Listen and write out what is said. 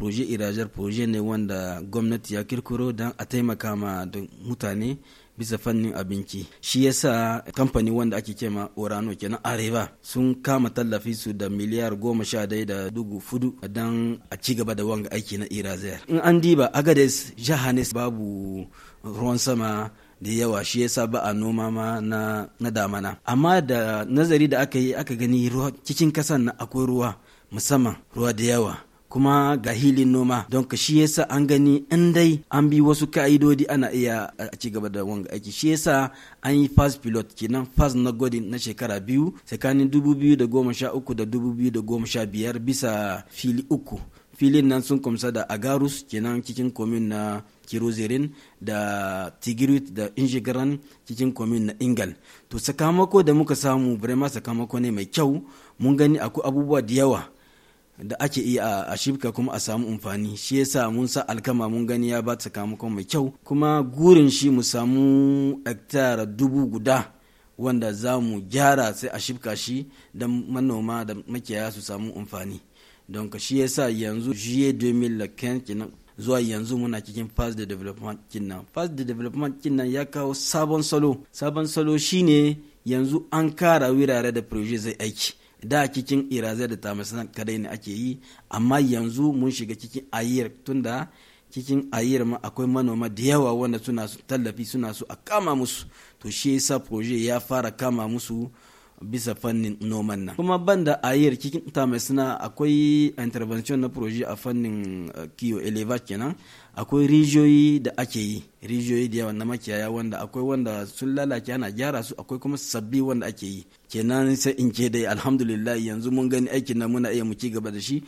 proje irajar proje ne wanda gwamnati ya kirkiro don a taimaka ma da mutane bisa fannin abinci shi yasa kamfani wanda ake kema orano kenan arewa sun kama tallafi su da miliyar goma sha daya da dugu fudu don a ci gaba da wanga aiki na irazer in an diba agades jahanes babu ruwan sama da yawa shi yasa ba a noma ma na, na damana amma da nazari da aka yi aka gani ruwa cikin kasan na akwai ruwa musamman ruwa da yawa kuma ga hilin noma don ka shi yasa an gani in dai an bi wasu ka'idodi ana iya a ci da wanga aiki shi yasa an yi fas pilot kenan fas na godin na shekara biyu tsakanin 2013 da 2015 bisa fili uku filin nan sun kumsa da agarus kenan cikin komin na kirozerin da tigirit da injigaran cikin komin na ingal to sakamako da muka samu birema sakamako ne mai kyau mun gani akwai abubuwa da yawa da ake iya a shibka kuma a samu amfani shi yasa mun sa alkama mun gani ya ba sakamakon mai kyau kuma gurin shi mu samu hektara dubu guda wanda za mu gyara sai a shibka shi don manoma da makiyaya su samu amfani don ka shi yasa yanzu juye 2015 kenan zuwa yanzu muna cikin fast the development kinnan fast the development kinnan ya kawo sabon salo sabon salo shine yanzu an kara wirare da projet zai aiki da cikin irazai da tamisan kadai ne ake yi amma yanzu mun shiga cikin ayyar tunda cikin ayyar ma akwai manoma da yawa wanda suna tallafi suna su a kama musu to shi yasa proje ya fara kama musu bisa fannin noman nan kuma banda a yi mai suna akwai intervention na proje a fannin eh, kiyo eleva kenan akwai rijiyoyi da ake yi rijiyoyi da yawa na makiyaya wanda akwai wanda sun lalace ana gyara su akwai kuma sabbi wanda ake yi kenan sai in ke dai alhamdulillah yanzu mun gani aikin nan muna iya mu ci gaba da shi